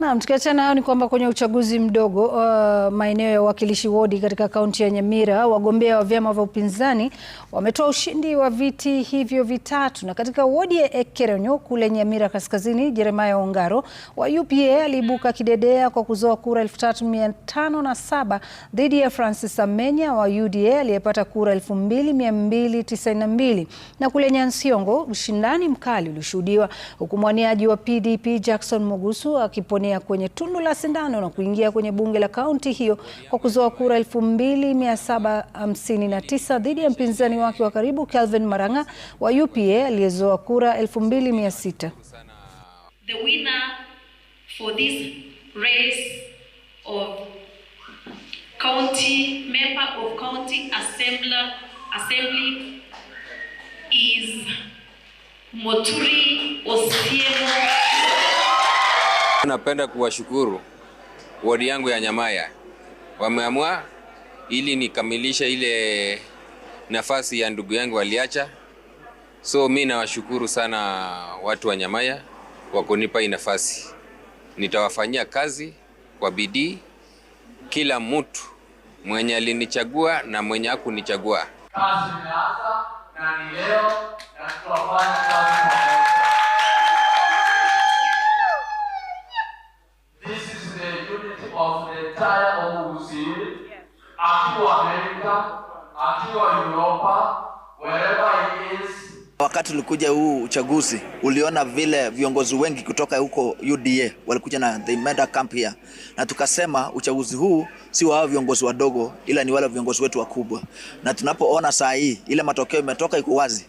Naam, tukiachana nayo ni kwamba kwenye uchaguzi mdogo uh, maeneo ya uwakilishi wodi katika kaunti ya Nyamira, wagombea wa vyama vya upinzani wametoa ushindi wa viti hivyo vitatu, na katika wodi ya Ekerenyo kule Nyamira Kaskazini, Jeremiah Ongaro wa UPA aliibuka kidedea kwa kuzoa kura 3507 dhidi ya Francis Amenya wa UDA aliyepata kura 2292. Na kule Nyansiongo ushindani mkali ulishuhudiwa huku mwaniaji wa PDP Jackson Mugusu akiponia kuenea kwenye tundu la sindano na kuingia kwenye bunge la kaunti hiyo kwa kuzoa kura 2759 dhidi ya mpinzani wake wa karibu Calvin Maranga wa UPA aliyezoa kura 2600. Moturi Osiemo. Napenda kuwashukuru wodi yangu ya Nyamaya, wameamua ili nikamilishe ile nafasi ya ndugu yangu aliacha. So mi nawashukuru sana watu wa Nyamaya kwa kunipa hii nafasi. Nitawafanyia kazi kwa bidii, kila mtu mwenye alinichagua na mwenye hakunichagua. Kazi imeanza. of the entire OOC, yes. akiwa Amerika, akiwa Europa, wherever he is. Wakati ulikuja huu uchaguzi, uliona vile viongozi wengi kutoka huko UDA walikuja na they made a camp here, na tukasema uchaguzi huu si wa hao viongozi wadogo, ila ni wale viongozi wetu wakubwa, na tunapoona saa hii ile matokeo imetoka, iko wazi.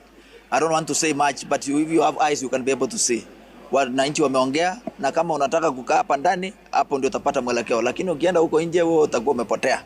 I don't want to say much but if you have eyes you can be able to see wananchi wameongea, na kama unataka kukaa hapa ndani, hapo ndio utapata mwelekeo, lakini ukienda huko nje, wewe utakuwa umepotea.